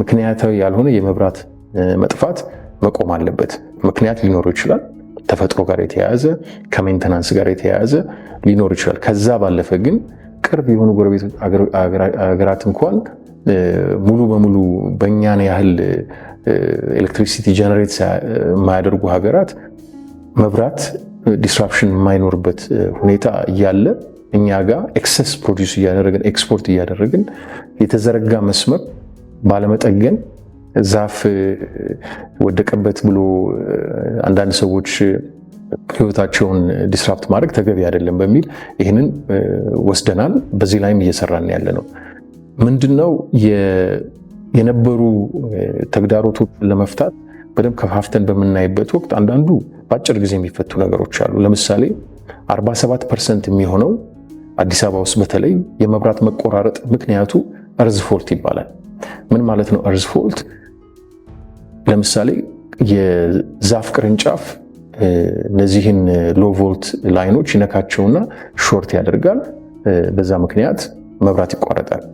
ምክንያታዊ ያልሆነ የመብራት መጥፋት መቆም አለበት። ምክንያት ሊኖረው ይችላል፣ ተፈጥሮ ጋር የተያያዘ ከሜንተናንስ ጋር የተያያዘ ሊኖር ይችላል። ከዛ ባለፈ ግን ቅርብ የሆኑ ጎረቤት ሀገራት እንኳን ሙሉ በሙሉ በእኛን ያህል ኤሌክትሪሲቲ ጀነሬት የማያደርጉ ሀገራት መብራት ዲስራፕሽን የማይኖርበት ሁኔታ እያለ እኛ ጋር ኤክሰስ ፕሮዲስ እያደረግን ኤክስፖርት እያደረግን የተዘረጋ መስመር ባለመጠገን ዛፍ ወደቀበት ብሎ አንዳንድ ሰዎች ህይወታቸውን ዲስራፕት ማድረግ ተገቢ አይደለም በሚል ይህንን ወስደናል። በዚህ ላይም እየሰራን ያለ ነው። ምንድነው የነበሩ ተግዳሮቶች ለመፍታት በደንብ ከፋፍተን በምናይበት ወቅት አንዳንዱ በአጭር ጊዜ የሚፈቱ ነገሮች አሉ። ለምሳሌ 47 ፐርሰንት የሚሆነው አዲስ አበባ ውስጥ በተለይ የመብራት መቆራረጥ ምክንያቱ እርዝ ፎልት ይባላል። ምን ማለት ነው? እርዝ ፎልት ለምሳሌ የዛፍ ቅርንጫፍ እነዚህን ሎ ቮልት ላይኖች ይነካቸውና ሾርት ያደርጋል። በዛ ምክንያት መብራት ይቋረጣል።